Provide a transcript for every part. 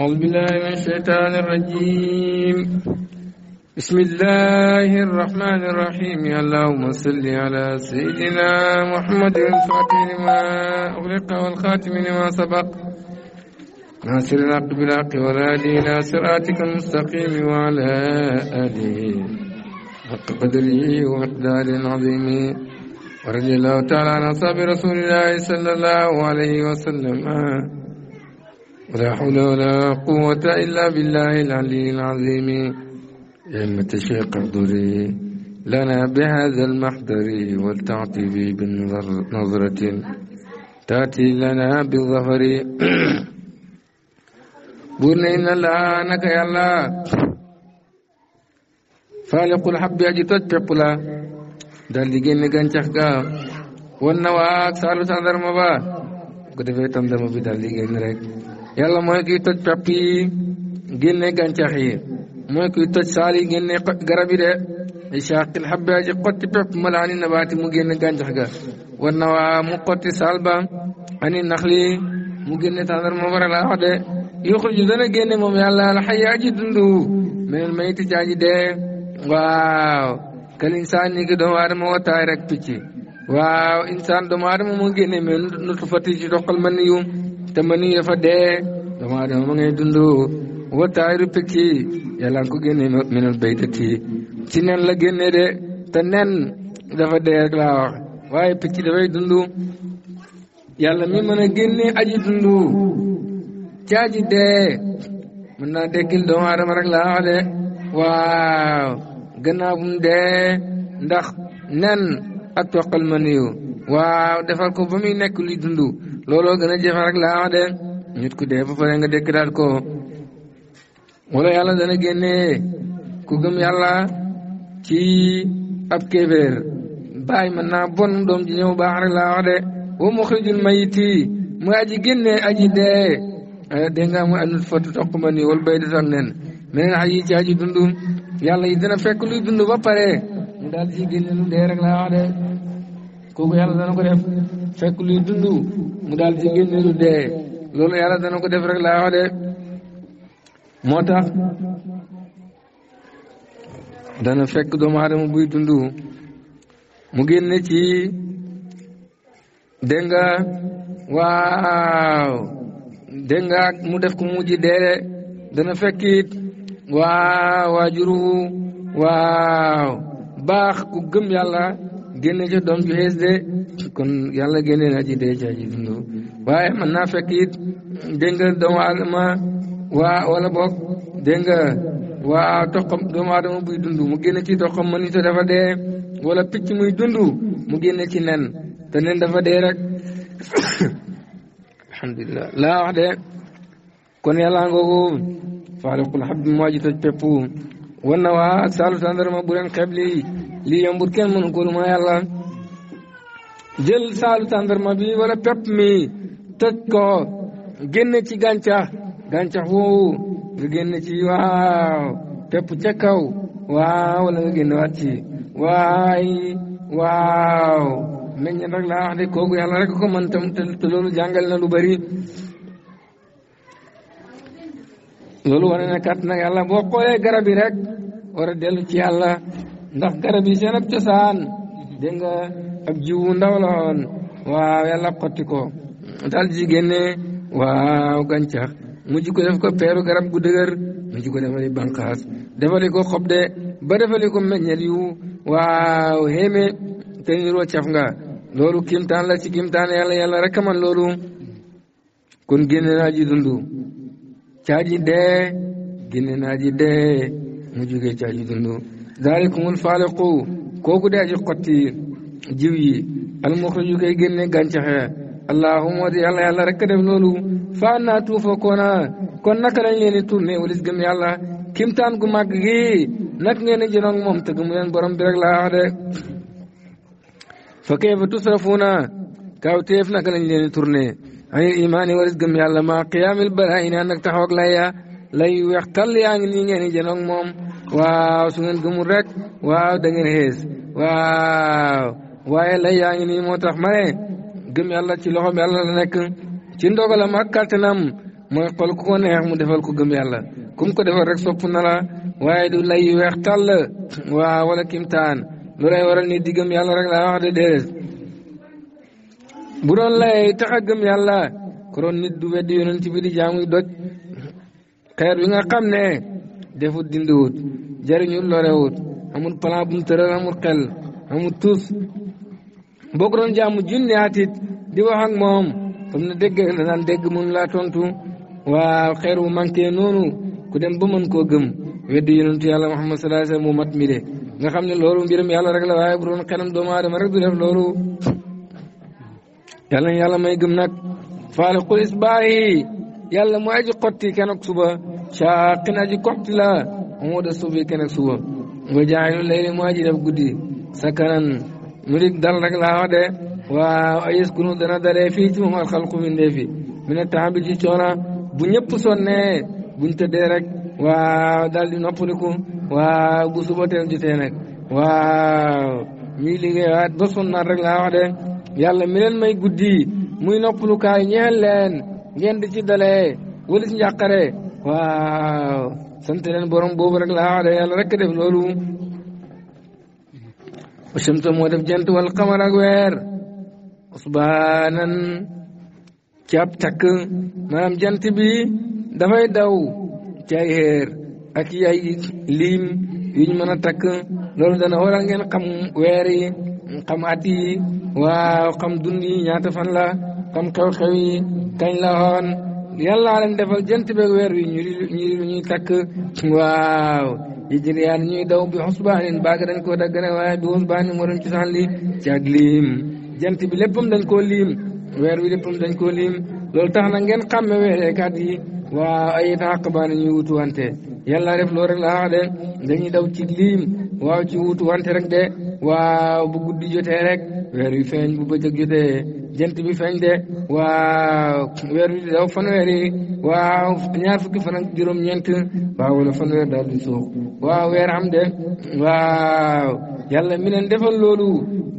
أعوذ بالله من الشيطان الرجيم بسم الله الرحمن الرحيم اللهم صل على سيدنا محمد الفاتح لما أغلق والخاتم لما سبق ناصر الحق بالحق والهادي إلى صراطك المستقيم وعلى آله حق قدره ومقدار عظيم ورضي الله تعالى عن أصحاب رسول الله صلى الله عليه وسلم ولا حول ولا قوة إلا بالله العلي العظيم يا أمة الشيخ احضري لنا بهذا المحضر بي بنظرة تأتي لنا بالظهر قلنا إن الله أنك يا الله فالق الحب يجي تتبق دال دل génn جن ga والنواك سالو waa مبا قد tàndarma ba ko defee tàndarma yàlla mooy kuy toj pepp yi génne gàncax yi mooy kuy toj saal yi génne garab yi de li shaqil xabbaa ji xotti pepp mala ani nabaati mu génne gàncax ga war na waa mu xotti saal ba naxli mu génne tàndar ma war a laa wax de dana génne moom yàlla alxayaa ji dund meneen mayiti jaaji de waaw kal insaan ni ki doomu aadama wattaay rek picc waaw insaan doomu aadama moo génne mais nu doqal ma te ma nii dafa dee doomu aadama ma ngay dund wa taayiru picc yàlla nga ko génnee minal baytati ci nen la génnee de te nen dafa dee rek laa wax waaye picc dafay dund yàlla mi mën a génnee aji dund ci dee mën naa dekkil doomu aadama rek laa wax de waaw gannaaw dee ndax nen ak toqal ma niyu waaw defar ko ba muy nekk luy dund looloo gën a jafe rek laa wax de nit ku dee ba pare nga dékkilaat ko wala yàlla dana génne ku gëm yàlla ci ab kéeféer bàyyi mën naa bon doom ji ñëw baax rek laa wax de wa muxrijul mayiti mu aji génnee aji dee eh, dégg nga anut fatu toq ma nii wala bay ak nen meneen aj yi ci aji dund yàlla yi dana fekk luy dund ba pare mu daal ci génne lu dee rek laa wax de kooku yàlla dana ko def fekk luy dund mu daal ci génne dee loolu yàlla dana ko def rek laa de moo tax dana fekk doomu aadama buy dund mu génne ci dégg nga waaw dégg mu def ko mujj dee dana fekk waaw waajuru waaw baax ku gëm yàlla génne ca doom ju xees de kon yàlla génne na ji dee ca ji dundu waaye mën naa fekk it dégg nga waa wala boog dégg nga waa toqam doomu aadama buy dund mu génne ci toqam mën ta dafa de wala picc muy dund mu génne ci nen te nen dafa dee rek alhamdulilah laa wax de kon yàlla ngoogu faaliqul habbi moo ji toj peppu wan na waa ak saalu tàndarma bu leen xeeb lii lii yombut kenn mënu ko lu ma yàlla jël saalu bi wala pepp mi toj ko ci gàncax gàncax woowu nga génne ci waaw pepp ca waaw wala nga génne waay waaw meññet rek laa de kooku yàlla rek ko tam te loolu na lu bari loolu war na kat nag yàlla boo xoolee garab yi rek war a dellu ci yàlla ndax garab yi seen ak cosaan dégg nga jiwu ndaw la woon waaw yàlla xotti ko daal waaw gàncax mujj ko def ko peeru garab gu dëgër mujj ko defali bànqaas defali ko xob de ba defali ko meññeel yu waaw xéeme te niroo caf nga loolu kimtaan la ci kimtaan yàlla yàlla rek man loolu kon génne ji dundu ci aji dee génne na aji dee mu jógee ci aji dund zaalikumul faaliqu kooku de aji xotti jiw yi almuxriju koy génne gàncaxe allahuma di yàlla rek def loolu fa naa tuufa koona kon naka lañ leen di tourné walis gëm yàlla kimtaan gu mag gi nak ngeen di jënoog moom te gëm leen borom bi rek de fa kayfa tusrafuuna kaw teef naka lañ leen di anil imani waris gëm yàlla ya maa qiyaamil balaa yi naan nag taxaw ak lay ya. lay weex tal yaa ngi nii ngeen di jënoog moom waaw su ngeen gëmul rek waaw da ngeen xees waaw waaye lay yaa ngi nii moo tax ma ne gëm yàlla ci loxoom yàlla la nekk ci ndogalam ak kàttanam wala kim tan, lay waral ni di gëm yàlla ya rek laa wax bu doon lay tax a gëm yàlla ko doon nit du weddi yonent bi di jaamuy doj xeer bi nga xam ne defut dindiwut jariñul lorewut amul plan bu mu tëral amul xel amul tuus boo ko doon jaamu junni atit di wax ak moom xam ne dégg la daan dégg mun laa tontu waa xeer wu manqué noonu ku dem ba mën koo gëm weddi yonentu yàlla Muhammad sallallahu alayhi mu mat mi de nga xam ne loolu mbiram yàlla rek la waaye bu doon xelam doomu aadama rek du def loolu yàlla na yàlla may gëm nag faaliqul isbaahi yàlla mu aji xotti kenn suba saaqin aji xotti la moo da subi kenn ak suba nga jaayu mu aji def guddi sakanan mu dig laa wax de waaw ayis kunu dana dalee fii ci moom alxalqu bindee fi mu ne temps bu ñëpp sonnee buñ tëddee rek waaw daal di noppaliku waaw bu suba teel jotee nag waaw ñuy liggéeyaat ba sonnaat rek laa wax de yàlla mi may guddi muy noppalukaay ñeel leen ngeen di ci dalee wala waaw sant leen borom boobu rek laa wax yàlla rek def loolu. Shamsa moo def jant wal qamar ak weer usbaanan ci ab takk maanaam jant bi dafay daw ci ay xeer liim yu ñu mën takk loolu dana waral ngeen xam weer xam at yi waaw xam dund ñaata fan la xam xew-xew yi kañ la woon yàllaa leen defal jant beeg weer wi ñu ñu ñuy takk waaw yi jëriyaan ñuy daw bi xusbaanin baaga dañ koo daggane waaye bi xusbaanin moo doon ci sax li ci ak liim jant bi léppam dañ koo liim weer wi léppam dañ koo liim loolu tax na ngeen xàmme weereek at yi waaw ay it xaq baa ñuy wutuwante yàlla def loolu rek la wax de dañuy daw ci liim waaw ci wuutu wante rek de waaw bu guddi jotee rek weer wi feeñ bu bëccëg jotee jant bi feeñ de waaw weer wi daw fanweer yi waaw ñaar fukki fan ak juróom-ñeent waaw wala fanweer daal di soox waaw weer am de waaw yàlla mi leen defal loolu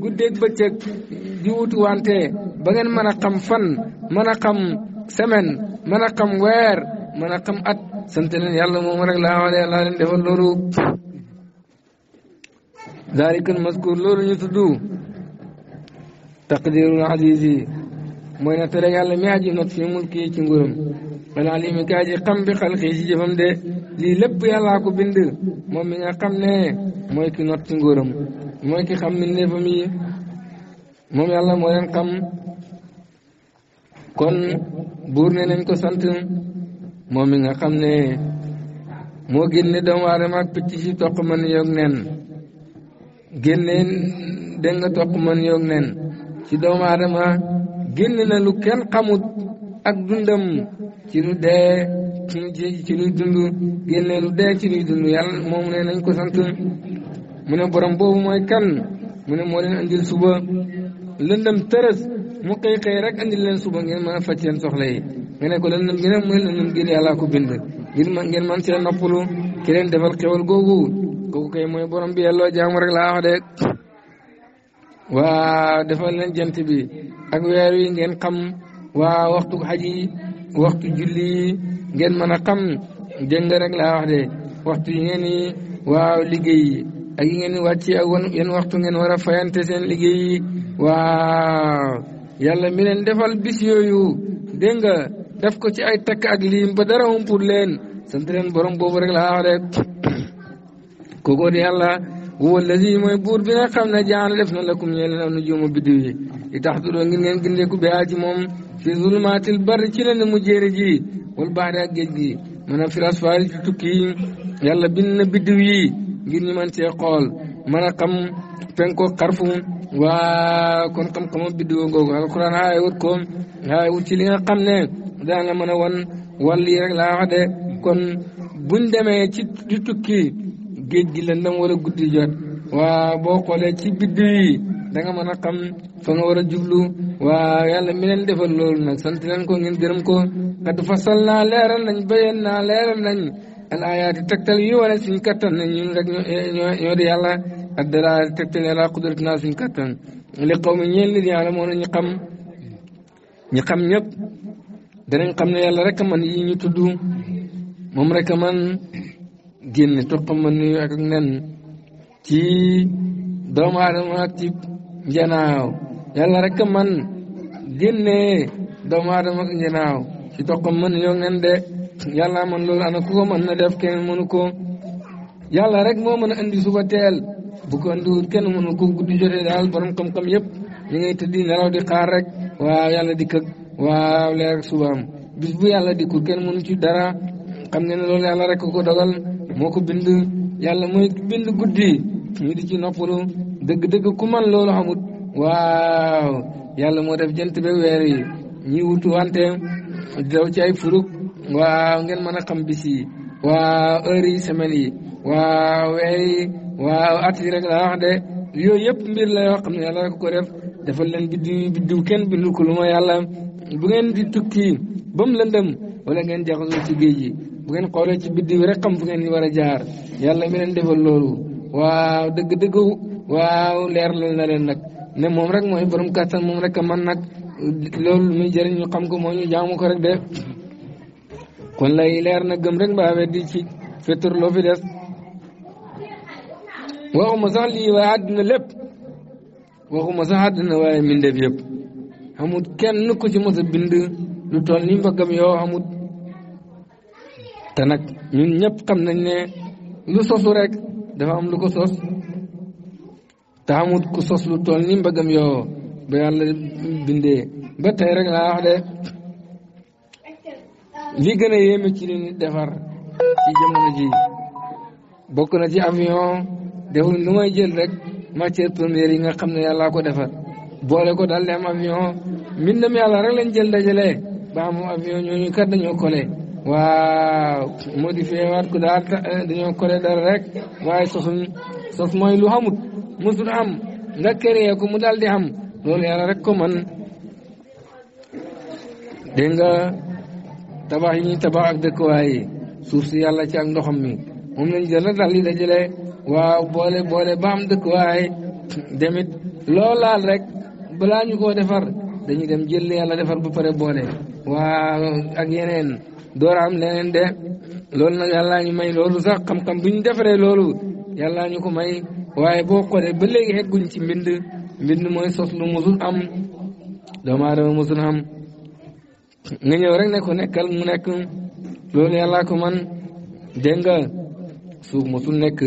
guddeeg bëccëg di wuutu wante ba ngeen mën a xam fan mën a xam semaine mën a xam weer mën a xam at sant leen yàlla moom rek laa wax de yàlla leen defal loolu. zalikal maskuur loolu ñu tudd taqdirul aziz yi mooy nattale yàlla mi aji not fi mulki ci nguuram wala lii mi kaa ji xam bi xalqi ci jëfam de lii lépp yàllaa ko bind moom mi nga xam ne mooy ki not ci nguuram mooy ki xam mbindeefam yi moom yàlla moo leen xam kon buur ne nañ ko sant moom mi nga xam ne moo génne doomu aadama ak picc ci toq mën yoog nen génneen dégg nga toq man yoog nen ci doomu aadama génn na lu kenn xamut ak dundam ci lu dee ci luy dund génne lu dee ci luy dund yàlla moom ne nañ ko sant mu ne borom boobu mooy kan mu ne moo leen andil suba lëndëm tërës mu xëy xëy rek andil leen suba ngeen mën a faj seen soxla yi nga ne ko lëndëm gi nag mooy lëndëm gi yàlla ko bind ngir ngeen man seen noppalu ki leen defal xewal gogu googu kay moy borom bi yelloo jam rek la wax de wa defal len jent bi ak wer wi ngeen xam wa waxtu haji waxtu julli ngeen mën xam dégg nga rek la wax de waxtu ngeen ni wa liggey ak ngeen ni wacci ak won yen waxtu ngeen wara fayante sen liggey wa yalla mi len defal bis yoyu dégg nga def ko ci ay tak ak liim ba dara pour len sant leen borom boobu rek laa wax rek kooku di yàlla huwa allazi mooy buur bi nga xam ne jaan def na lakum ñeel leen nujuuma biddiw yi i tax du ngir ngeen gindeeku bi moom fi zulmaatil barri ci leen mu jéere ji wal baxri ak géej gi mën a firas faari ci tukki yi yàlla bind na biddiw yi ngir ñu mën cee xool mën a waa kon xam-xamu biddiw googu alquran xaay wut ko xaay wut ci li xam ne wax de kon buñ demee ci di tukki géej gi lëndam war a guddi waa boo xoolee ci biddiw yi da nga mën a xam fa nga war a jublu waa yàlla mi leen defal loolu nag sant nañ ko ngeen gërëm ko qad fasal naa leeral nañ bayeen naa leeral nañ al ayaati tegtal yi wane suñ kattan ñun rek ñoo ñoo yàlla ak dara tegtal yàlla qudrat naa suñ kattan li xaw mi ñeen yàlla moo ñu xam ñi xam ñëpp danañ xam ne yàlla rek man yi ñu moom rek a man génne toppam ma nuyu ak ak nen ci doomu aadama ci njanaaw yàlla rek a man génne doomu aadama ak njanaaw ci toppam ma nuyu ak nen de yàlla man loolu ana ku ko mën na def kenn mënu ko rek moo mën a andi suba teel bu ko kenn mënu ko guddi jotee daal borom xam-xam yëpp ñu ngay tëddi nelaw di xaar rek waaw yàlla di këg waaw leer subaam bis bu yàlla dikkul kenn mënu ci dara xam ne ne loolu yàlla rek ko dogal moo ko bind yàlla mooy bind guddi ñu di ci noppalu dëgg-dëgg ku man loolu xamut waaw yàlla moo def jant be weer yi wutu wante daw ci ay furuk waaw ngeen mën a xam bis yi waaw heure yi semaine yi waaw weer yi waaw at yi wax de yooyu yëpp mbir la yoo xam ne yàlla ko def defal leen biddiw biddiw kenn bindu ko lu ma yàlla bu ngeen di tukki ba lëndëm wala ngeen jaxasoo ci géej gi bu ngeen xoolee ci biddiw rek xam fu ngeen war a jaar yàlla mi leen defal loolu waaw dëgg dëgg waaw leer loolu na leen nag ne moom rek mooy borom kàttan moom rek a man nag loolu muy jëriñ ñu xam ko mooy ñu jaamu ko rek de kon lay leer na gëm rek mbaa weddi ci fetur loo fi des waxuma sax lii waaye àddina lépp waxuma sax àddina waaye mbindeef yëpp amut kenn ku ci mos bind lu toll ni mbagam yoo amut te nag ñun ñëpp xam nañ ne lu sosu rek dafa am lu ko sos te amut ku sos lu toll ni mbëggam yoo ba yàlla ba tey rek laa de li gën a yéeme ci li defar ci jamono ji bokk na ci avion defuñ lu may jël rek matière première yi nga xam ne yàllaa ko defar boole ko daal di am avion mbindam yàlla rek lañ jël dajalee baa am avion ñooñu kat dañoo collé waaw modifié waat ku daal eh, dañoo kole rek waaye sosuñ sos mooy lu xamut musul am nga créé ko mu daal di am loolu yàlla rek ko man dégg nga tabax yi ñuy tabax ak dëkkuwaay yi suuf si yàlla ci ak ndoxam mi moom lañ jël rek daal di dajale waaw boole boole ba am dëkkuwaay demit loolu laal rek balaa ñu koo defar dañuy dem jël yàlla defar ba pare boole waaw ak yeneen door am leneen de loolu nag yàllaa ñu may loolu sax xam-xam bu ñu defaree loolu yàllaa ñu ko may waaye boo xoolee ba léegi egguñ ci mbind mbind mooy sos lu musul am doomu aadama musul am nga ñëw rek ne ko nekkal mu nekk loolu yàllaa ko man dégg nga suuf musul nekk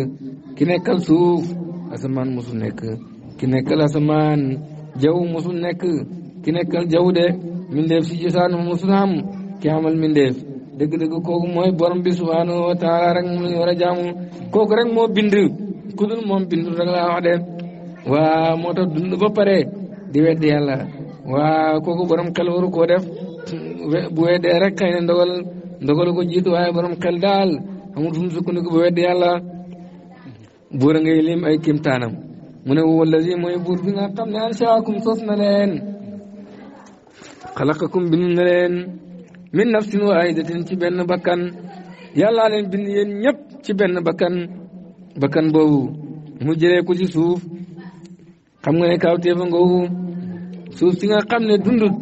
ki nekkal suuf asamaan musul nekk ki nekkal asamaan jaww musul nekk ki nekkal jaww de mbindeef si cosaan musul am ki amal mbindeef dëgg-dëgg kooku mooy borom bi subhanahu wa taala rek mu ñu war a jaamu kooku rek moo bind ku dul moom bindul rek laa wax de waa moo tax dund ba pare di weddi yàlla waa kooku borom xel waru koo def bu weddee rek xëy na ndogal ndogalu ko jiitu waaye borom xel daal amul fu mu sukkandiku ba weddi yàlla buur a ngay lim ay kimtaanam mu ne wallazi mooy buur bi nga xam ne anshaakum sos na leen xalaqakum bind na leen min nafsin waahidatin ci benn bakkan yàllaa leen bind yéen ñëpp ci benn bakkan bakkan boobu mu jëlee ko ci suuf xam nga ne kawteefa ngoowu suuf si nga xam ne dundut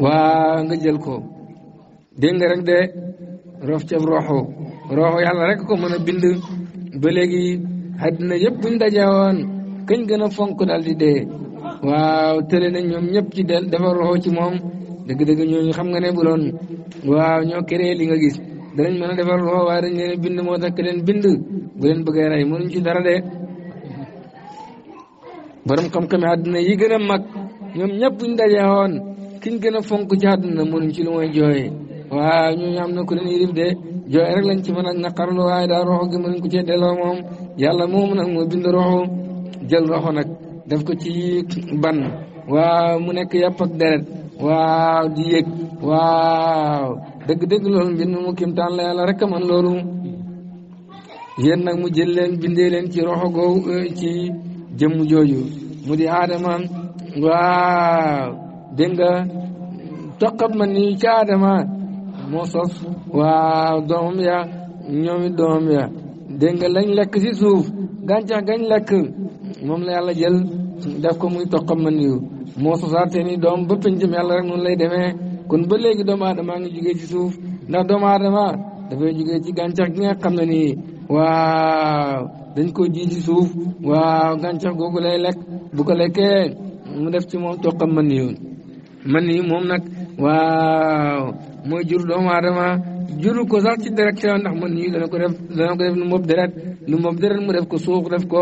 waa nga jël ko dégg nga de rof ca roxo roxo yàlla rek ko mën a bind ba léegi àddina yëpp buñ dajewoon kañ gën a fonk daal di waaw tële na ñoom ñëpp ci del dafa roxo ci moom dëgg-dëgg ñooñu xam nga ne bu waaw ñoo créé li nga gis danañ mën a defar loo waaye dañ leen bind moo tax leen bind bu leen bëggee rey mënuñ ci dara de borom xam-xame àdduna yi gën a mag ñoom ñëpp buñ daje woon kiñ gën a fonk ci àdduna mënuñ ci lu mooy jooye waaw ñooñu am na ku leen yirif de jooye rek lañ ci mën a naqarlu waaye daal roxo gi mënuñ ko cee delloo moom yàlla moom nag moo bind roxo jël roxo nag def ko ci ban waaw mu nekk yàpp ak waaw di yëg waaw dëgg-dëgg loolu mbind mu kimtaan la yàlla rek man loolu yéen nag mu jël leen leen ci roxo googu eh, ci jëmm jooju mu di aadama waaw dégg nga toqat ma ci aadama moo sos waaw doomam ya ñoomi doomam ya dégg lañ lekk ci suuf gàncax gañ lekk moom la yàlla jël def ko muy toqat ma niyu moo sosaatee ni doom ba pëncëm yàlla rek noonu lay demee kon ba léegi doomu aadama ngi jugee ci suuf ndax doomu aadama dafay jugee ci gàncax gi nga xam na nii waaw dañ ko ji ci suuf waaw gàncax googu lay lekk bu ko lekkee mu def ci moom toqam xam ma yoon man nii moom nag waaw mooy jur doomu aadama juru ko sax ci ndax ma nii dana ko def dana ko def nu mob deret nu mob deret mu def ko suux def ko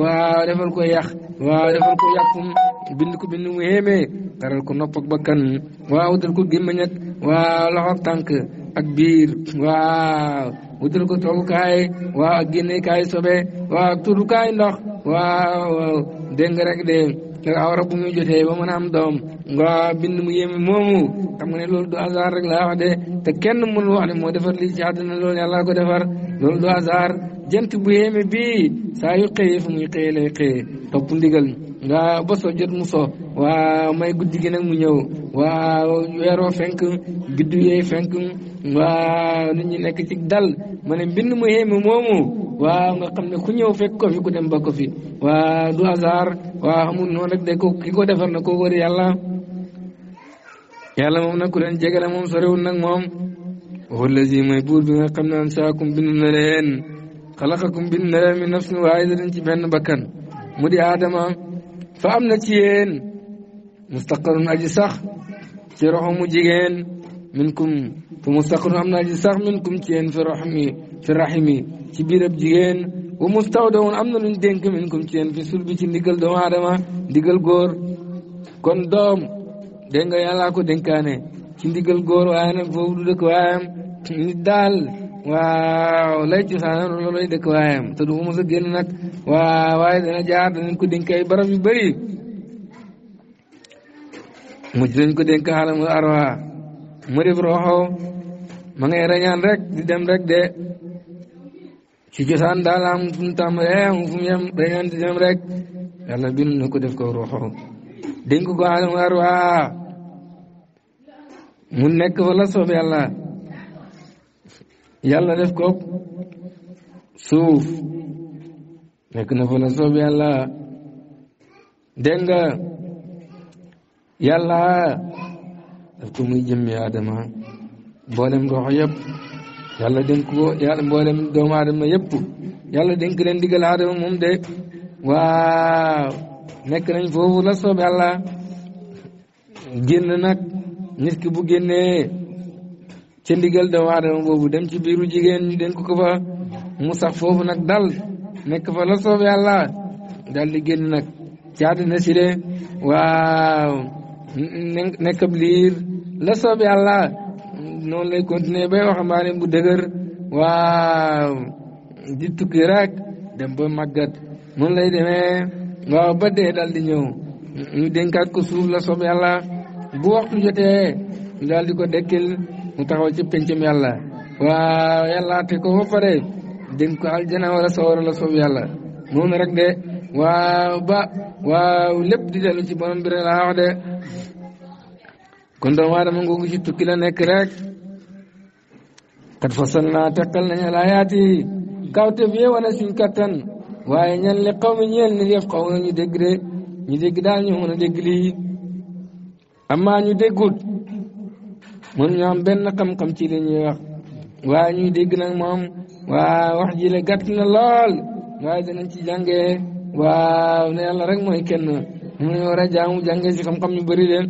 waaw defal ko yàq waaw defal ko yàqum bind ko bind mu yéemee taral ko nopp ak bakkan waaw wutal ko gémmiñ ak waaw loxo ak tànk ak biir waaw wutal ko toogukaay waaw ak génneekaay sobe waaw ak turukaay ndox waaw dégg nga de ak awra bu muy jotee doom nga bind mu yéeme moomu xam nga ne loolu du hasard rek laa wax de te kenn mënul wax ne moo defar lii ci loolu yàlla ko defar loolu du hasard jant bu yéeme bii saa yu xëyee fu muy lay xëyee topp ndigal nga boso jot mu so waaw may guddi gi nag mu ñëw waaw weeroo fenk giddu yee fenk waaw nit nekk ci dal ma ne mbind mu yéeme moomu waaw nga xam ne ku ñëw fekk ko ku dem ba ko fi waaw du hasard waaw amul noonu rek de ko ki ko defar na ko wër yàlla yàlla moom nag ku leen jege la moom sorewul nag moom wala si mooy buur bi nga xam ne ansaakum bind na leen خلقكم بالنار من نفس واحدة تبين بكن مدي آدم فأمنا تيين مستقر أجي صخ تروحوا منكم فمستقر أمنا أجي منكم تيين في رحمي في رحمي تبير بجيين ومستودع أمنا ندينك منكم تيين في سلبي تنقل دوم آدم دقل غور كون دوم دينك يالاكو دينكاني تنقل غور وانا فوضو دكوام ندال waaw lay cosaanam loolu lay dëkk waayam te du ko mos a génn nag waaw waaye dana jaar danañ ko dénk ay barab yu bëri mujj nañ ko dénk xaalam arwa mu def roxo ma ngay mu def ko mu nekk fa la soob yàlla yàlla def ko suuf nekk na fa la soob yàlla dégg nga yàlla daf ko muy jëmmi aadama mboolem rox yëpp yàlla dénk ko yàlla mboolem doomu aadama yëpp yàlla dénk leen digal aadama moom de waaw nekk nañ foofu la soob yàlla génn nit ki bu génnee ci ndigal doomu aadama boobu dem ci biiru jigéen ñu dénk ko fa mu sax foofu nag dal nekk fa la soob yàlla dal génn nag ci àddina si de waaw nekkab liir la soob yàlla noonu lay continuer bay waxambaane bu dëgër waaw di tukki rek dem ba màggat noonu lay demee waaw ba dee dal ñëw ñu dénkaat ko suuf la soob yàlla bu waxtu jotee ñu ko dekkil mu taxaw ci pencam yàlla waaw yàlla te ko ba pare dénk ko aljana wala sawara la soob yàlla noonu rek de waaw ba waaw lépp di dellu ci borom bi a wax de kon doomu aadama ngoogu ci tukki nekk rek kat fasal naa teqal nañu laayaat yi kawte bi wane suñ kattan waaye ñan li xaw mi ñeel ni def ñu dégg de mënuñu am benn xam-xam ci li ñuy wax waaye ñuy dégg nag moom waa wax ji la gat na lool waaye danañ ci jàngee waaw ne yàlla rek mooy kenn mu ne war a jaamu jàngee si xam-xam yu bëri leen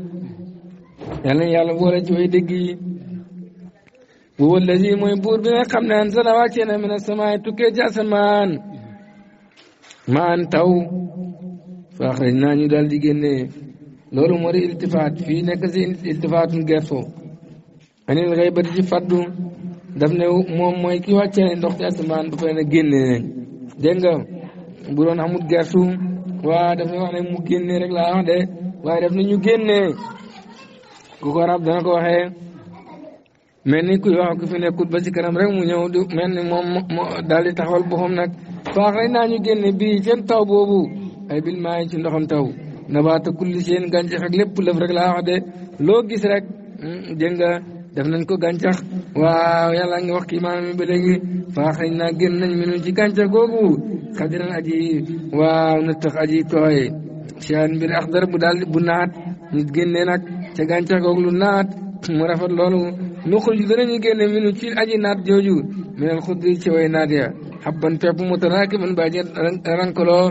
yàlla yàlla boole ci way dégg yi wa mooy buur bi nga xam ne an sana wàccee na mina samaay tukkee ci asamaan maan taw fa axraj naa ñu daal di génnee loolu moo di iltifaat fii nekk si iltifaatun gertoo anil xëy ba ci mooy ki ndox ci asamaan ba pare ne génne nañ dégg wax ne mu génne rek laa waaye daf ne ñu génne ko rab dana ko waxee mel ni kuy wax ku fi nekkut ba ci karam rek mu ñëw di mel ni moom daal di taxawal boppam nag faax rek naa ñu génne bii seen taw boobu ay bil maa ci ndoxam taw nabaata kulli seen gàncax ak lépp lëf rek la wax de loo gis rek hmm, dégg def nañ ko gàncax waaw yàlla ngi wax kii maanaam ba léegi faaxañ naa génn nañ minu ci gàncax googu xadiran aji waaw na tax aji tooy seen mbir axdar bu daal bu naat nit génnee nag ca gàncax googu lu naat mu rafet loolu nu xuj danañu génne minu ci aji naat jooju minal xudri ci way naat ya habban pepp mutaraakiban baaje rankaloo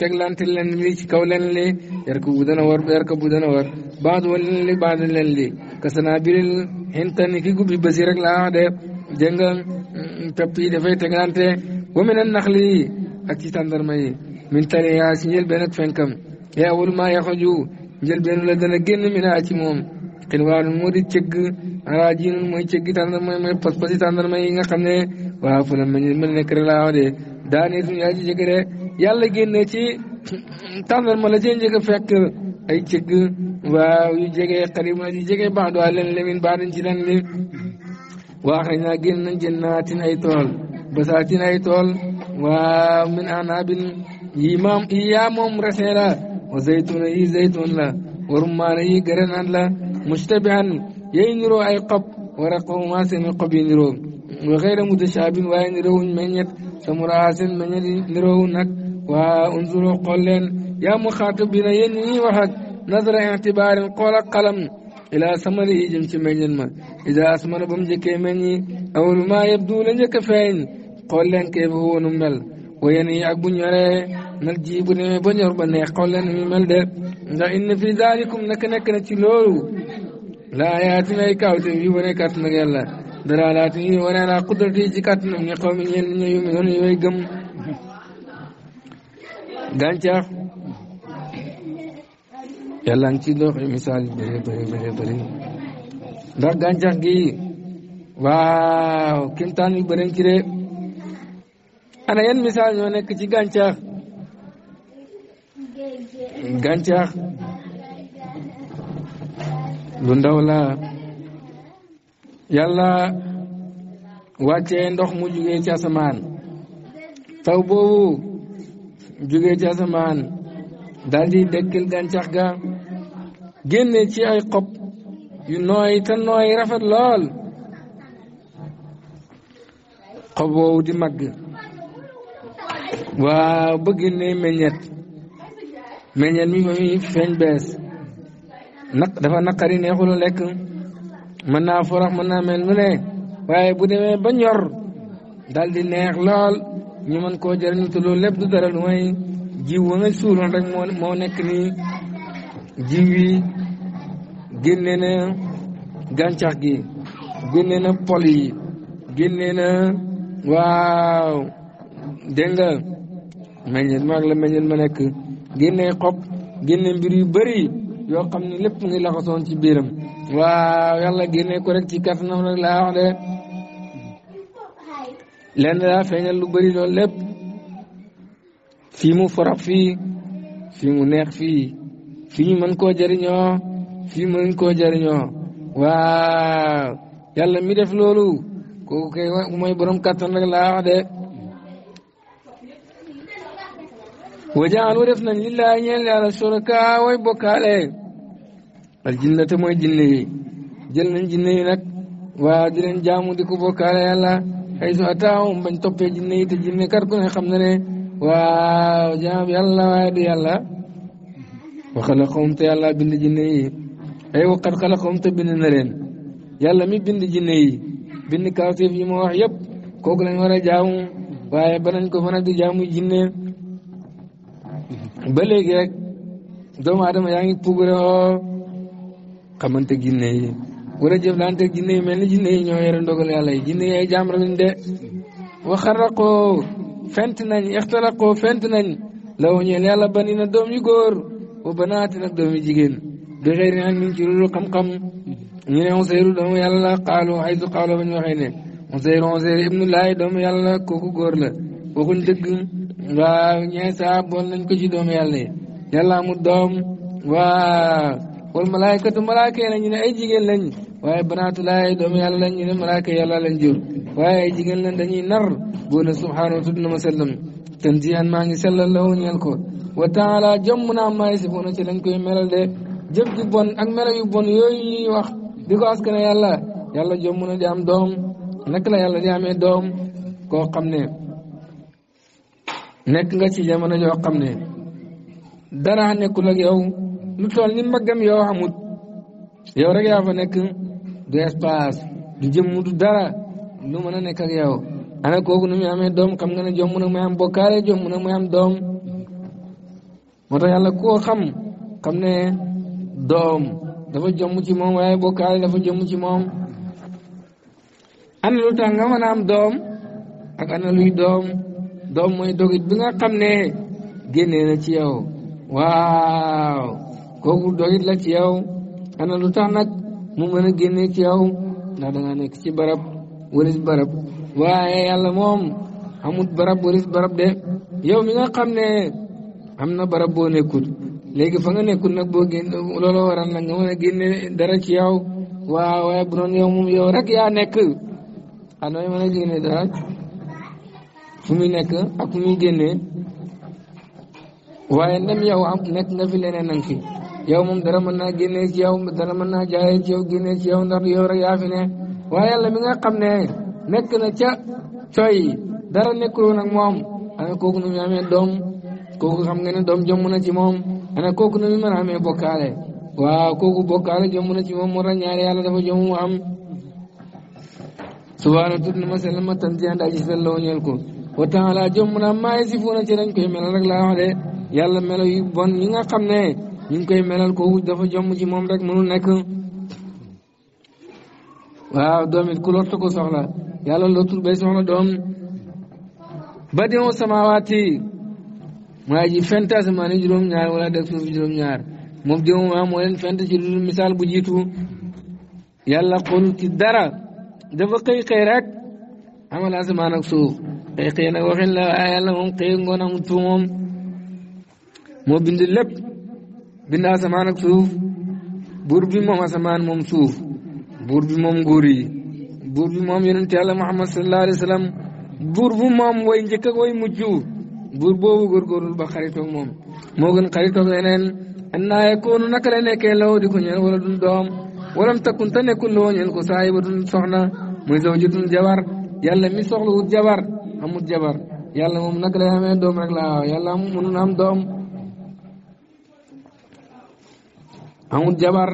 teglante leen li ci kaw leen li yarka bu dana war yarka bu dana war baadu wa leen li baadu leen li kasanaa biril hintani ki gubbi basi rek laa wax de dégg nga mm, pepp yi dafay teglante wa minan naxli ak ci tàndarma yi min taliyaa ci njëlbeen ak fenkam yaa awalu maa yaxaju njëlbeenu la dana génn mi naa ci moom xilwaanu moo di cëgg alaa jiinun mooy cëggi tàndarma mooy pas pasi tàndarma yi ne waaw fu la ma ñu mën nekk rek laa wax de daane suñu aji jëkk de yàlla génne ci tàndar ma la cee njëkk a fekk ay cëgg waaw yu jege xarim aji jege baax do len lemin baa dañ ci len li waax nañ naa génn nañ jënnaatin ay tool basaatin ay tool waaw min anaabin yi maam yi yaa moom resin la wa zaytuna yi zaytun la wa rummaana yi gërenaan la mustabihan yay niroo ay xob wa raquma seeni xob yi niroo وغير متشابه وين رون منيت سمراس منيت نرونك وانظروا قلا يا مخاطب يني وحد نظر اعتبار قول قلم إلى سمره جمش مجنما إذا أسمر بمجك مني أو ما يبدو لنجك فين قول كيف هو نمل ويني أبن يري نجيب نمي بن يربن يقول لن ممل ده إذا إن في ذلكم نك نك نتلول لا يأتي نيكا وتنجيب نيكا تنجي dalaalaatihi wa ala qudratihi ci kàttanam ne xaw ma ñeen ñu yuminuun yooyu gëm gàncax yàlla ngi ci dox misaal yu bëri bëri bëri bëri ndax gàncax gi waaw kimtaan yu bëri ci de ana yan misaal ñoo nekk ci gàncax gàncax lu ndaw la yàlla wàccee ndox mu jugee ci asamaan taw boobu jóge ci asamaan daal dekkil gàncax ga génne ci ay xob yu nooy te nooy rafet lool xob woowu di màgg waaw ba génne meññet meññet mi fa feeñ bees dafa naqari neexul lekk mën naa forox mën naa mel mu ne waaye bu demee ba ñor daldi neex lool ñu mën koo jëriñu te loolu lépp du dara lu may jiw wa nga suuloon rek moo moo nekk nii jiw yi génne na gàncax gi génne na pol yi génne na waaw dégg nga maag la meññet ma nekk génne xob génne mbir yu bari yoo xam ne lépp ngi laxasoon ci biiram waaw yàlla génne ko rek ci kattanam rek laa wax de lenn daa feeñal lu bëri loolu lépp fii mu farax fii fi mu neex fii fii ñu mën koo jëriñoo fii mën koo jëriñoo waaw yàlla mi def loolu kooku kay mooy borom kattan rek laa wax de wajaalu def nañ lillaahi ñeel yàlla suraka way bokkaale al jinnata mooy jinne yi jël nañ jinne yi nag waa di jaamu di ko bokkaale yàlla xëy su ataawum bañ toppee jinne yi te jinne kat ku ne xam na ne waaw jaam yàlla waaye du yàlla wa xalaqahum te yàlla bind te bind na leen yàlla mi bind jinne yi bind kawteef yi ma wax yëpp kooku lañ war jaamu waaye banañ ko mën a di jinne ba léegi rek doomu aadama yaa ngi pugure oo xamante ginne yi wala jëflante ginne yi mel ni ginne yi ñoo yore ndogal yi ginne yi ay jaam lañ de waxaraqoo fent nañ ixtaraqoo fent nañ la wañeel yàlla bani na doom yu góor wa banaati doom yu jigéen bi xëy na ñu ci loolu doomu yàlla la xaalu ay su xaalu ba ñu waxee ne Useyru Useyru doomu yàlla kooku góor la waxuñ dëgg waaw ñeesa bon nañ ko ci doom yàlla yi yàlla amul doom waaw wal malaayikatu malaaka yi ñu ne ay jigéen lañ waaye banaatu laay doom yàlla lañ ñu ne malaaka yàlla lañ jur waaye ay jigéen lañ dañuy nar boo ne subhaanahu wa tudd na ma sellam tanzihan maa ngi sellal la ñeel ko wa taala jëmm naa maay si bona ci lañ koy melal de jëf ju bon ak melo yu bon yooyu ñuy wax di ko askane yàlla yàlla jëmm na di am doom naka la yàlla di amee doom koo xam ne nekk nga ci jamono yoo xam ne dara nekkul ak yow lu toll ni mbaggam yow amut yow rek yaa fa nekk du espace du jëmm du dara lu mën a nekk ak yow ana kooku nu muy amee doom kam nga ne jom mun a muy am bokkaale jom mun a doom moo tax yàlla koo xam xam ne doom dafa jomm ci moom waaye bokkaale dafa ci moom ana lu tax nga mën a am doom ak ana luy doom doom mooy dogit bi nga xam ne génnee na ci yow waaw kooku dogit la ci yow ana lu tax nag mu mën a ci yow ndax da nekk ci barab waris barab waaye yàlla moom amut barab waris barab de yow mi nga xam ne am na barab boo nekkul léegi fa nga nekkul nag boo génn looloo waral nag nga mën a dara ci yow waaw waaye bu doon yow moom yow rek yaa nekk xanaa mën a génne dara fu muy nekk ak fu génnee waaye ndem yow am nekk nga fi leneen nang fi yow moom dara mën naa génnee ci yow dara mën naa jaayee ci yow génnee ci yow ndax yow rek yaa fi ne waaye yàlla mi nga xam ne nekk na ca coy dara nekkul woon ak moom ana kooku nu mu amee doom kooku xam nga doom jomm na ci moom ana kooku na mu mën a amee bokkaale waaw kooku bokkaale jomm na ci moom moo tax ñaari yàlla dafa jomm mu am. subaana tudd na ma sell ma tan jiyaan daa ji selloo wa taala jom naa maay si fóona ci dañ koy melal rek laa wax de yàlla melo yu bon yi nga xam ne ñu koy melal ko dafa jomm ci moom rek mënu nekk waaw doom it ku lottu ko soxla yàlla lottul bay soxla doom ba dimoo samawaati mu lay ji fent asamaan yi juróom-ñaar wala def suuf juróom-ñaar moom dimoo maa moo leen fent ci lu misaal bu jiitu yàlla xool dara dafa xëy xëy rek amal asamaan ak suuf xëy xëy nag waxin la waaye yàlla moom xëy ngoon amut fu moom moo bind lépp bind asamaan ak suuf buur bi moom asamaan moom suuf buur bi moom nguur yi buur bi moom yonent yàlla Muhammad sallallahu alayhi wa sallam buur bu moom way njëkk ak way mujj buur boobu góorgóorlu ba xaritoog moom moo gën xaritoog leneen an naa yakoonu naka la nekkee law di ko ñeen wala dun doom walam takkun ta nekkul loo saahiba dun soxna muy zawjatun jabar yàlla mi soxla wut jabar amul jabar yàlla moom naka lay amee doom rek laa waaw yàlla mënul am doom amul jabar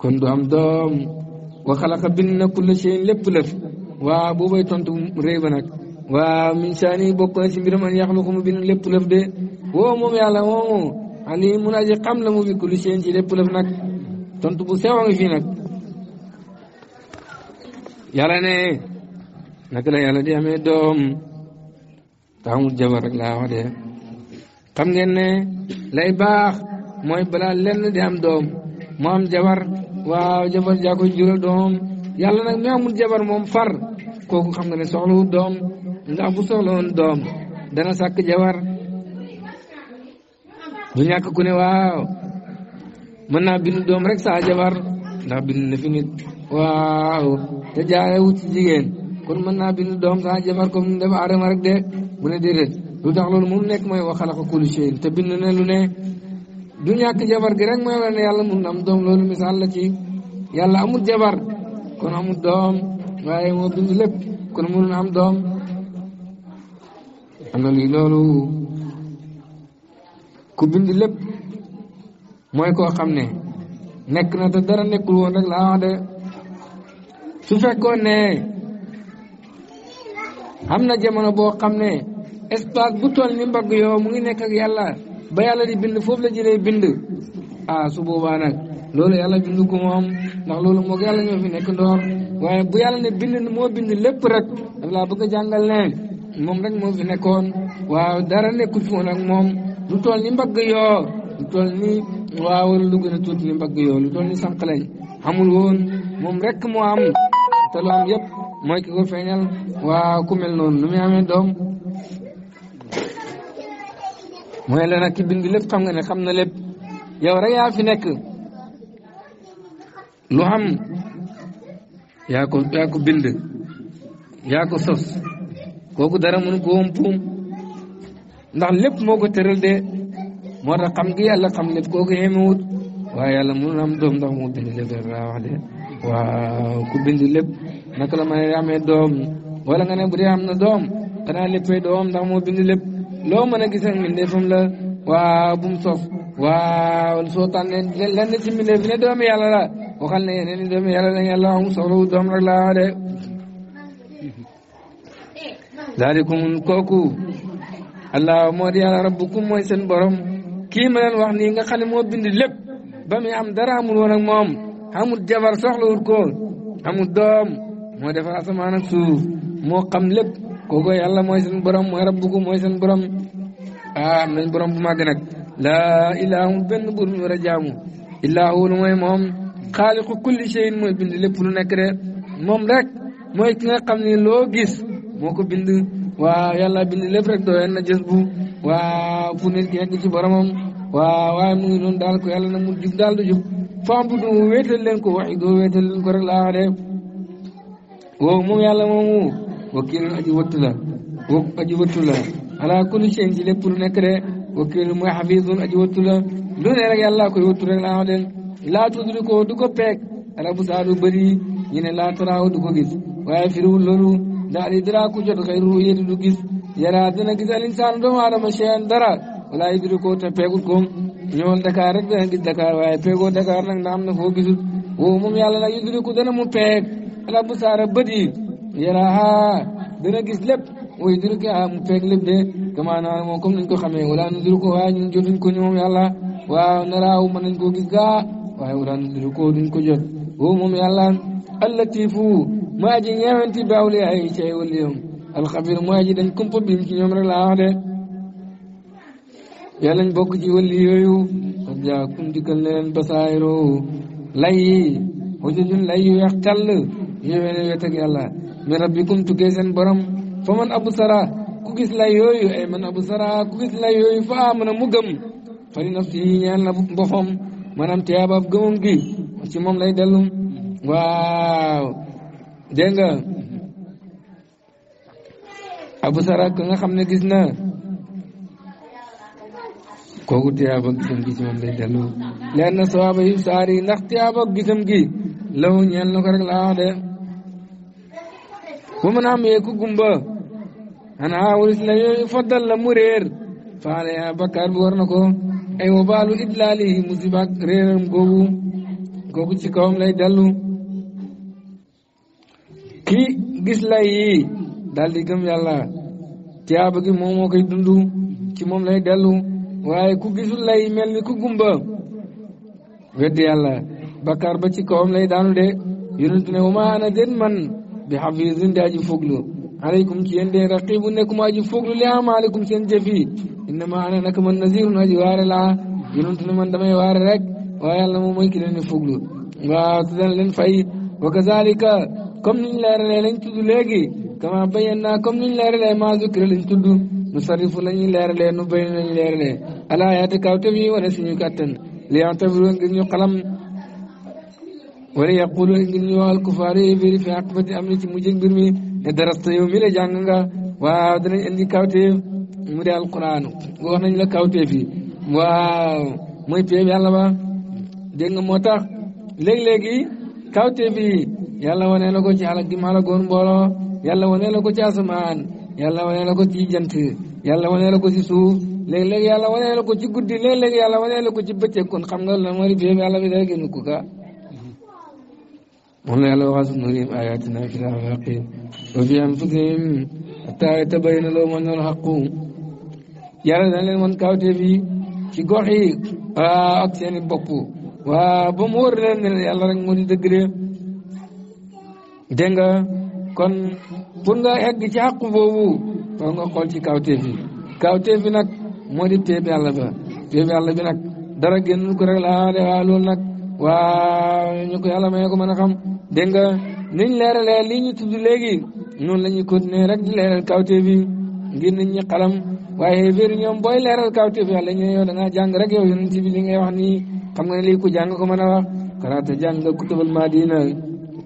kon du am doom wa xalaqa bind na kulla shay'in lépp lëf waa boobay tontu réy ba nag waa min saani bokk na si mbiram an yaxluqu lépp lëf de woo moom yàlla moomu ali mun aji xam la mu bi kulli shay'in ci lépp lëf tontu bu sew a ngi fii nag naka la yàlla di amee doom taxamul jabar rek laa wax de xam ngeen lay baax mooy balaa lenn di am doom mu am jabar waaw jabar jaa koy jural doom yàlla nag mi amul jabar moom far kooku xam nga ne soxlawul doom ndax bu soxlawoon doom dana sàkk jabar du ñàkk ku ne waaw mën naa bindu doom rek saa jabar ndax bindu na fi nit waaw te jaarewut ci jigéen kon mën naa bind doom saa jabar comme ni mu def mu nekk mooy wa xalaqa kulli shay'in te bind ne lu ne du jabar gi rek mooy la ne yàlla mun na doom loolu misaal la ci yàlla amul jabar kon amul doom waaye moo bind lépp kon mu am doom am na lii loolu ku bind lépp mooy koo xam ne nekk na te dara nekkul woon rek laa de su fekkoon ne am na jamono boo xam ne espace bu toll ni mbagg yow mu ngi nekk ak yàlla ba yàlla di bind foofu la jëlee bind a ah, su boobaa nag loolu yàlla bind ko moom ndax loolu moo yàlla ñoo fi nekk ndoor waaye bu yàlla ne bind moo bind lépp rek daf laa bëgg a jàngal moom rek moo fi nekkoon waaw dara nekkul fi woon ak moom lu toll ni mbagg yoo lu toll ni waaw lu a tuuti mbagg yoo lu toll ni sànq xamul woon moom rek moo am te lu yëpp mooy ki ko feeñal waaw ku mel noonu nu muy amee doom mooy la nag ki bind lépp xam nga ne xam na lépp yow rek yaa fi nekk lu xam yaa ko bind yaa ko sos kooku dara mënu ko wom puum ndax lépp moo ko tëral de moo tax xam gi yàlla xam lépp kooku xemewut waaye yàlla na am doom ndax moo bind lépp rek ku bind lépp naka la mën a doom wala nga ne bu am na doom xanaa léppay doom ndax moo bind lépp loo mën a gis ak mbindeefam la waaw bu mu sof waaw soo tànnee lenn ci mbindeef bi ne doomi yàlla la waxal ne yeneen i doomi yàlla la yàlla amul soxla doom rek de daalikum kooku allah moo di yàlla rabbukum mooy seen borom kii ma wax nii nga xam moo bind lépp ba muy am dara amul woon moom amul jabar soxlawul ko amul doom moo defar asamaan ak suuf moo xam lépp kooku yàlla mooy seen borom mooy rabbuku mooy seen borom ah am nañ borom bu màgg nag laa ilaahum benn buur ñu war a jaamu illaahu lu mooy moom xaaliqu kulli shay'in mooy bind lépp lu nekk de moom rek mooy ki nga xam loo gis moo ko bind waaw yàlla bind lépp rek doo yenn jës bu waaw fu ci boromam waaw mu ngi doon daal ko yàlla na mu jub daal du jub faam bu du wéetal leen ko waxi doo wéetal leen ko rek laa wow moom yàlla moomu wakiilun aji wattu la wo aji wattu la ala kulli shay'in ci lépp lu nekk de wakiilun mooy xafiisun aji wattu la lu ne rek yàlla koy wattu rek laa wax leen laa tudrikuhu du ko peeg arabu saadu bëri ñu ne laa taraahu du ko gis waaye firiwul loolu da al idraaku jot xayru yéedu du gis yara dana gis al insaan doomu aadama shay'an dara wala yudrikuhu te peegul ko ñëwal Dakar rek dana gis Dakar waaye peegoo Dakar nag na am na foo gisul wow moom ala busaara bët yi yaraha dana gis lépp way dina ko ah, mu feeg lépp de kamaana moom comme nañ ko xamee wala nuduru ko waaye ñun jotuñ ko ñoom yàlla waaw naraaw mën nañ koo gis gaa waaye wala nuduru ko duñ ko jot boobu moom yàlla allatifu maa ji ñeewanti baawle ay ci ay wala yow alxabir maa ji dañ kumpa bim ci ñoom rek laa de yàlla ñu bokk ci yooyu qad jaakum dikkal leen basaayiroo lay hujjatun lay yu weex tàll ñëwee na wet ak yàlla min rabbikum tukkee seen borom fa man abu ku gis lay yooyu ay man abu ku gis lay yooyu fa amana mu gëm fari nafsi ñaan na boppam maanaam tiyaabaab gëmam gi ci moom lay dellu waaw dégg nga abu ka nga xam ne gis naa kooku tiyaaba gisam gi lay delloo lenn sawaaba yu ndax tiyaaba gisam gi law ñeel na ko laa de bu mën am yee ku gumba xanaa waris la yooyu faddal la mu réer faale yaa bakkaar bi war na ko ay wabaalu idlaalihi musibaak réeram googu kooku ci kawam lay dellu ki gis lay yi daal di gëm tiyaaba gi moom moo koy ci moom lay dellu waaye ku gisul mel ni ku gumba weddi yàlla bakkaar ba ci kawam lay daanu de yonent ne wama ana den man bi xafisin di aji foglu aleykum ci yéen raqibu nekkuma aji foglu li am aleykum seen jëf yi innama ana naka man nazirun aji waare laa yonent ne man damay waare rek waaye yàlla moom mooy ki leen di foglu waaw te dana leen fay wa kazalika comme niñ leeralee lañ tudd léegi kama bayyana comme niñ leeralee ma zukira lañ tudd nu sarifu la ñuy leeralee nu bay lañ leeralee ala yaati kaw te bii wane suñu kàttan li yantaviro ngir ñu xalam wala yaqulu ngir ñu waxal kufaar fi aqibati am ni ci mujj mbir mi ne darasta yow mi la jàng waaw danañ indi kawteef mu di alquran wax nañ la kawteef yi waaw mooy teef yàlla ba dégg moo tax léeg-léegi kawteef yi yàlla wane na ko ci xalak gi ma la goon mbooloo yàlla wane la ko ci asamaan yàlla wane la ko ci yàlla wane la ko ci suuf léeg-léeg yàlla wane la ko ci guddi yàlla wane la ko ci bëccëg kon xam nga la mari bi yàlla bi dara génn ko ka moom la yàlla waxaa su nurihim ayatina kitaab alxaqim wa fi anfusihim hatta yatabayyana lahum annahu alxaqu yàlla dana leen wan kaawte bi ci gox yi waaw ah, ak seeni bopp waaw ba mu wóor leen ne yàlla rek moo dëgg de dégg kon pour nga egg ci xàqu boobu foo nga xool ci kawteef yi kawteef bi nag moo di téeb yàlla ba téeb yàlla bi nag dara génnul ko rek laa de waa nag waa ñu ko yàlla ko mën a xam dégg nga niñ leeralee lii ñu tudd léegi noonu la ñuy continuer rek di leeral kawteef yi ngir nit ñi xalam waaye véri ñoom booy leeral kawteef yàlla ñu yow da ngaa jàng rek yow yonent bi li ngay wax nii xam nga ne lii ko jàng ko mën a wax xanaa te jàng nga kutubal maadina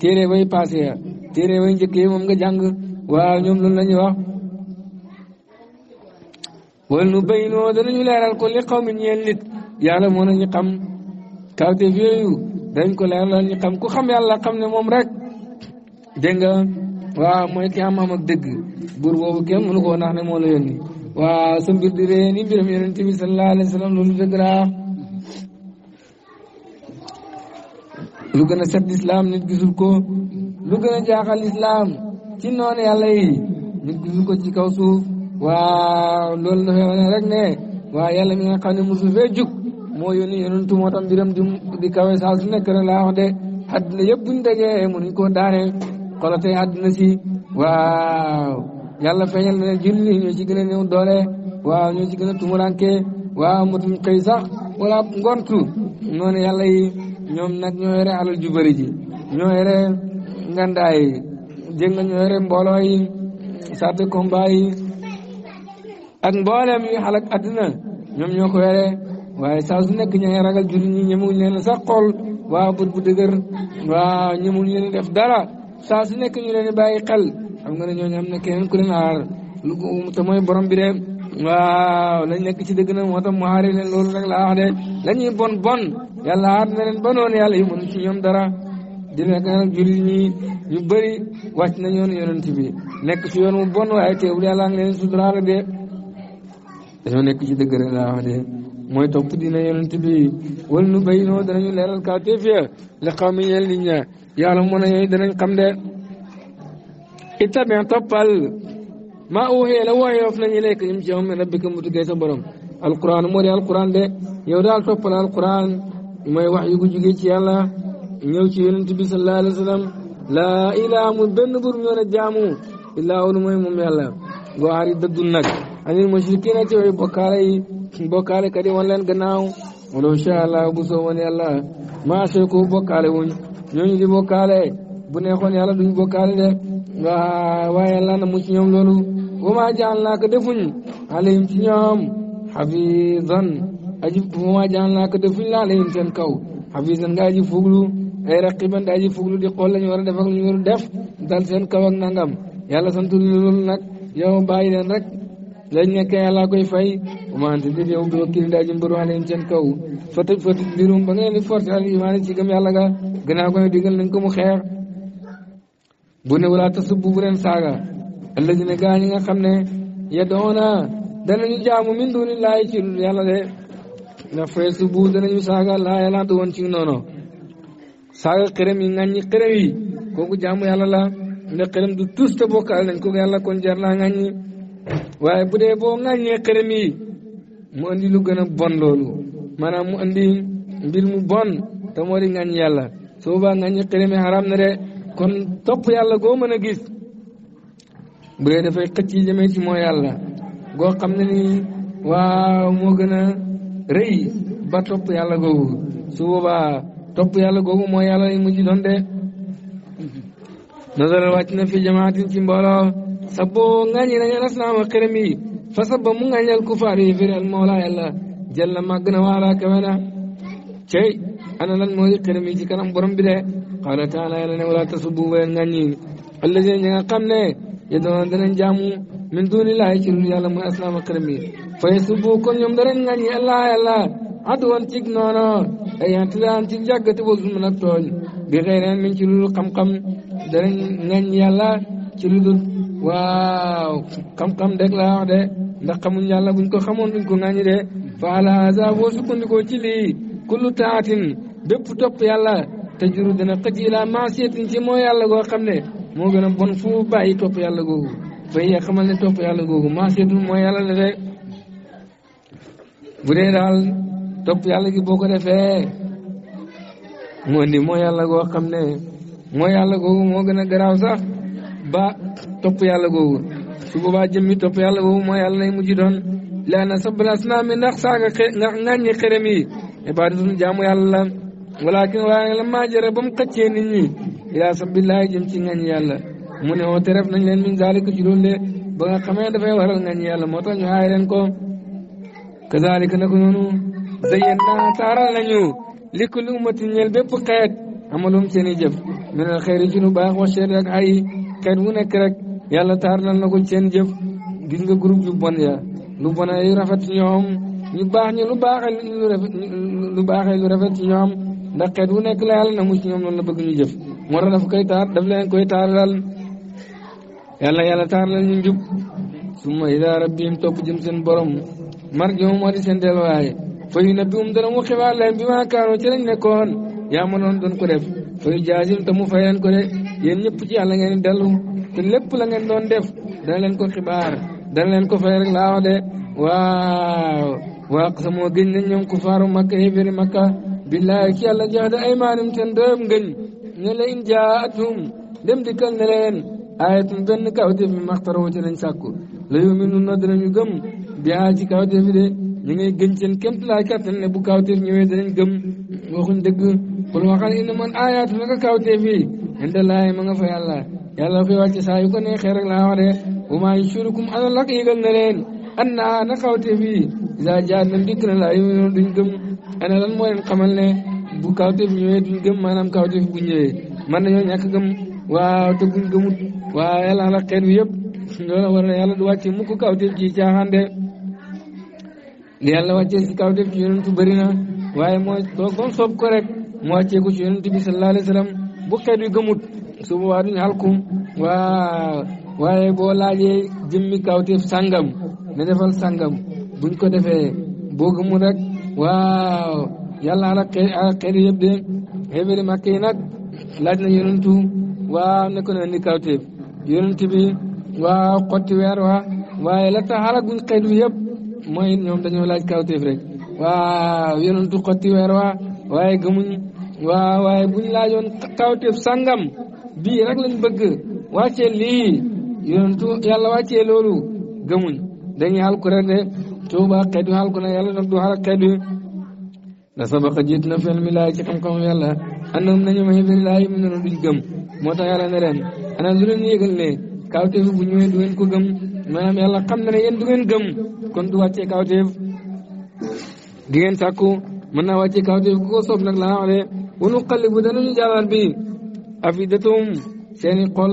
téere bay passé téere way njëkk yi moom nga jàng waaw ñoom loolu la ñuy wax wala nu bay noo danañu leeral ko li xaw mi ñeel nit yàlla moo nañu xam kawteef yooyu ko leeral ñu xam ku xam yàlla xam ne moom rek dégg waaw mooy ki am am ak dëgg buur boobu kenn nax ne moo la yónni waaw sa mbir di ree ni mbiram yonent bi sallallahu alayhi wa sallam loolu dëgg laa lu gën a set lislaam nit gisul ko lu gën a jaaxal lislaam ci noonu yàlla yi nit gisul ko ci kaw suuf waaw loolu dafay wane rek ne waaw yàlla mi nga xam ne mosu fee jug moo yónni yonentu moo tam mbiram di di kawe saa su nekk rek laa wax de àddina yëpp buñ dajee mënuñ koo daane xolatee àddina si waaw yàlla feeñal ne julli ñoo ci gën a néew doole waaw ñoo ci gën a tumuranke waaw matuñ xëy sax wala ngontu noonu yàlla yi ñoom nag ñoo yore alal ju ji ñoo yore ngandaay yi dégg nga ñoo yore mbooloo yi sarte combat ak mbooleem yi xalak àddina ñoom ñoo ko yore waaye saa su nekk ña ngi ragal jullit ñi ñemuñ leen sax xool waaw bët bu dëgër waaw ñemuñ leen def dara saa su nekk ñu leen di bàyyi xel xam nga ne ñooñu am na keneen ku leen aar lu te borom bi de waaw lañ nekk ci dëgg nag moo tax mu aaree leen loolu rek laa de la ñuy bon bon yàlla aar na leen ba noonu yàlla yi mënu ci ñoom dara di nekk nag jullit ñi ñu bëri wàcc na yoon yonent bi nekk ci yoon mu bon waaye teewul yàlla ngi leen suturaal de dañoo nekk ci dëgg rek laa de mooy topp dina yonent bi wal nu béy noo danañu leeral kaw te fii la xaw ma ñeel nit ña yàlla mën a yooyu danañ xam de itamit toppal. maa uuxiya la wahyof nañ ilayka jëm ci yow min rabbika mu tuggee sa borom alquran moo di alquran de yow daal toppal alquran mooy wax yu ko jugee ci yàlla ci yonent bi sallallahu alayhi wa sallam laa ilaaha mu benn bur ñoo a jaamu illaa olu mooy moom yàlla waaari dëddul nag anil mushrikiina ci way bokkaale yi bokkaale kat yi wan leen gannaaw walaw sha Allah bu soo woon yàlla maa seekoo bokkaale wuñ ñooñu di bokkaale bu neexoon yàlla duñ bokkaale de waaw waaye yàlla na mu ci ñoom loolu wama jaan laa ko defuñ alayhim ci ñoom xafisan aji wama jaan laa ko defuñ la alayhim seen kaw xafisan nga aji fuglu ay raqiban da aji fuglu di xool la ñu war a def ak lu ñu war a def dal seen kaw ak nangam yàlla sant yow bàyyi leen rek lañ nekk yàlla koy fay wamante di yow bi wakkil da aji mbëru alayhim seen kaw fatu fatu mbirum ba ngeen di forcé al ci gëm yàlla ga gannaaw ko ne mu xeex bu ne wala tasubbu bu leen saaga alladina gaa nga xam ne yad'una danañu jaamu min dunillahi ci yàlla de ndax fa yasubbu danañu saaga laa yàlla du ci noonu saaga xërëm yi ŋàññi xërëm yi jaamu yàlla la ndax xërëm du tus te bokkaale nañ ko yàlla kon jar naa ŋàññi waaye bu dee boo ŋàññee xërëm mu andi lu gën a bon loolu maanaam mu andi mbir mu bon te moo di yàlla su boobaa ŋàññi xërëm yi xaram kon topp yàlla goo mën a gis bu dee dafay xëcc yi ci mooy yàlla goo xam ne nii moo gën a rëy ba topp yàlla googu su topp yàlla googu mooy yàlla lay mujj doon nasaral wàcc na fi jamaatin ci mbooloo saboo ngañi nañu asnaama xërëm yi fa saba mu ngañal kufaar yi firal moola yàlla jël na màgg na waala kawe na cey ana nan mooy xërëm ci kanam borom bi de qaala taala yàlla ne wala tasubbu bu leen ŋàññi allazina ñi nga xam ne yaduna danañ jaamu min duunillahi ci lu yàlla mu asnaama xërëm yi fa yasubbu kon ñoom danañ ŋàññi allah yàlla aduwan cig noono ay antilaan ci jàggati wa zulmun ak tooñ bi xëyreen min ci lu dul xam-xam danañ ŋàññi ci lu dul waaw xam-xam deg laa wax de nda xamuñ yàlla buñ ko xamoon duñ ko ŋàññi de fa ala haza boo sukkandikoo ci lii kullu taatin bépp topp yàlla te juru dina xëj ilaa ci moo yàlla goo xam ne moo gën a bon fu bàyyi topp yàlla googu bay ya xamal ne topp yàlla googu maasiyatun moo yàlla la de bu dee daal topp yàlla gi boo ko defee moo ndi moo yàlla goo xam ne yàlla googu moo gën a garaaw sax ba topp yàlla googu su boobaa jëmmi topp yàlla googu moo yàlla lay mujj doon laa na sabal asnaami ndax saaga xe nga ŋàññi xerem yi ibadatun jaamu yàlla la walakin waaye la maa jëre ba mu xëccee nit ñi ilaa sabilillahi jëm ci ngañ yàlla mu ne oo teref nañ leen min zalika ci loolu de ba nga xamee dafay waral ngañ yàlla moo tax ñu aay leen ko kazalika nako noonu zayen na taaral nañu li kulli ummati ñeel bépp xeet amalum seen i jëf mu ne ci lu baax waxseet ak ay xeet wu nekk rek yàlla taaral na ko seen jëf gis nga groupe yu bon ya lu bon ay rafet ñoom ñu baax ñu lu baax lu lu rafet ñoom ndax xeet wu nekk la na mu ci ñoom noonu la bëgg ñu jëf moo tax dafa koy taar daf leen koy taaralal yàlla yàlla taaralal ñu njub summa ila rabbihim topp jëm seen borom marjihum moo di seen delluwaay fa yu nabbiwum dana mu xibaar leen bi maa kaanoo ci lañ nekkoon yaa mënoon doon ko def fa yu jaazim te fay leen ko de yéen ñëpp ci yàlla ngeen dellu te lépp la ngeen doon def dana leen ko xibaar dana leen ko fay rek laa wax de waaw waa samoo gëñ nañ ñoom ku faaru billaahi ci yàlla jaada aymaanum seen doyob ngëñ ne la in jaatum dem dikkal ne leen aayatun benn kawteef mi maxtaroo ci lañ sàkku la yuminuna danañu gëm bihaa ci kawteef de ñu ngay gën seen kémt laa kàttan ne bu kawteef ñëwee danañ gëm waxuñ dëgg xul waxal inna man aayaatu naka kawteef yi inda laahi ma nga fa yàlla yàlla koy wàcce saa yu ko neexee rek laa wax de wa maa yushurukum ana lak yëgal ne leen an naa na kawteef yi isa jaat nam dikk na laa yuminuna duñ gëm ana lan moo leen xamal ne bu kawteef ñëwee duñ gëm maanaam kawteef bu ñëwee man nañoo ñàkk gëm waaw te buñ gëmut waaw yàlla la xeet wi yëpp loolu war na yàlla du wàcce mukk kawteef ci caaxaan de li si kawteef ci yonentu bëri na waaye mooy soo ko soob ko rek ci yonentu bi sallallahu alayhi wa sallam bu xeet wi gëmut su boobaa duñ alkum waaw waaye boo laajee jëmmi kawteef sàngam ne defal sàngam buñ ko defee boo gëmul rek waaw yàlla alak xeet ah, yëpp de xeebéri màkk yi nag laaj na yonentu waaw ne ko ne ni kawteef yonent bi waaw xotti weer wa waaye la tax xalaguñ xeet wi yëpp mooy ñoom dañoo laaj kawteef rek waaw yonentu xotti weer wa waaye gëmuñ waaw waaye buñ laajoon kawteef sàngam bii rek lañ bëgg wàccee lii yonentu yàlla wàccee loolu gëmuñ dañuy alku rek tuuba xeetu xaal ko na yàlla nag du xaal ak xeetu la sabaqa jiit na fen mi laay ci xam-xam yàlla anam nañu ma xibin laa yi mu ne duñ gëm moo ta yàlla ne leen ana lu leen yëgal ne kawteef bu ñëwee du ngeen ko gëm maanaam yàlla xam na ne yéen du ngeen gëm kon du wàccee kawteef di ngeen sàkku mën naa wàccee kawteef ku ko soob nag laa wax de wunu xalli bu danañu jàllal bi afidatum seeni xol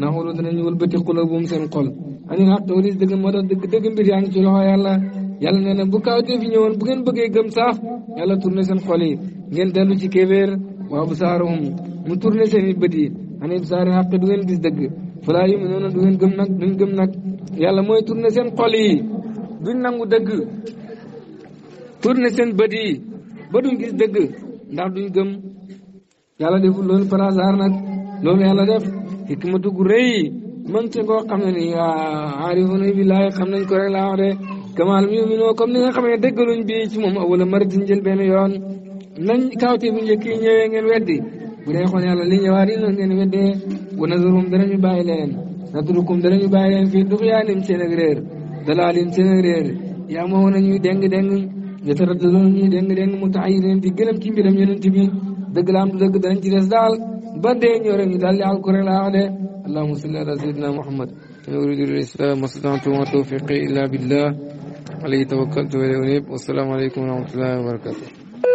naxulu danañu wëlbati xulabum seen xol anil xaq walis dëgg moo tax dëgg dëgg mbir yaa ngi ci loxo yàlla yàlla nee bu kaawtee fi ñëwoon bu ngeen bëggee gëm saaf yàlla tourné seen xol yi ngeen dellu ci kéeféer waa bu saarahum mu tourné seen i bët yi anil bu saari xaq du ngeen gis dëgg falaa yu noonu du ngeen gëm nag duñ gëm nag yàlla mooy tourné seen xol yi duñ nangu dëgg tourné seen bët yi ba duñ gis dëgg ndax duñ gëm yàlla deful loolu par hasard nag loolu yàlla def hikmatu gu rëy mënte koo xam ne nii waaw aarifuna billaahi xam nañ ko rek laa wax de kamaal mi yuminoo comme ni nga xam ne déggaluñ bii ci moom wala maratin jël benn yoon nañ kawte bu njëkk yi ngeen weddi bu dee xool yàlla li ñëwaat ngeen weddee wa nazarum danañu bàyyi leen natrukum danañu bàyyi leen fii duxyaanim seen ak réer dalaalim seen ak réer yaa moo nañuy deng-deng yataraddadoon ñuy deng-deng mu tax ci mbiram yonent bi dëgg la am du dëgg danañ daal بدين يوري دال لي القران عليه اللهم صل على سيدنا محمد يريد الاسلام استطعت وما توفيقي الا بالله عليه توكلت واليه انيب والسلام عليكم ورحمه الله وبركاته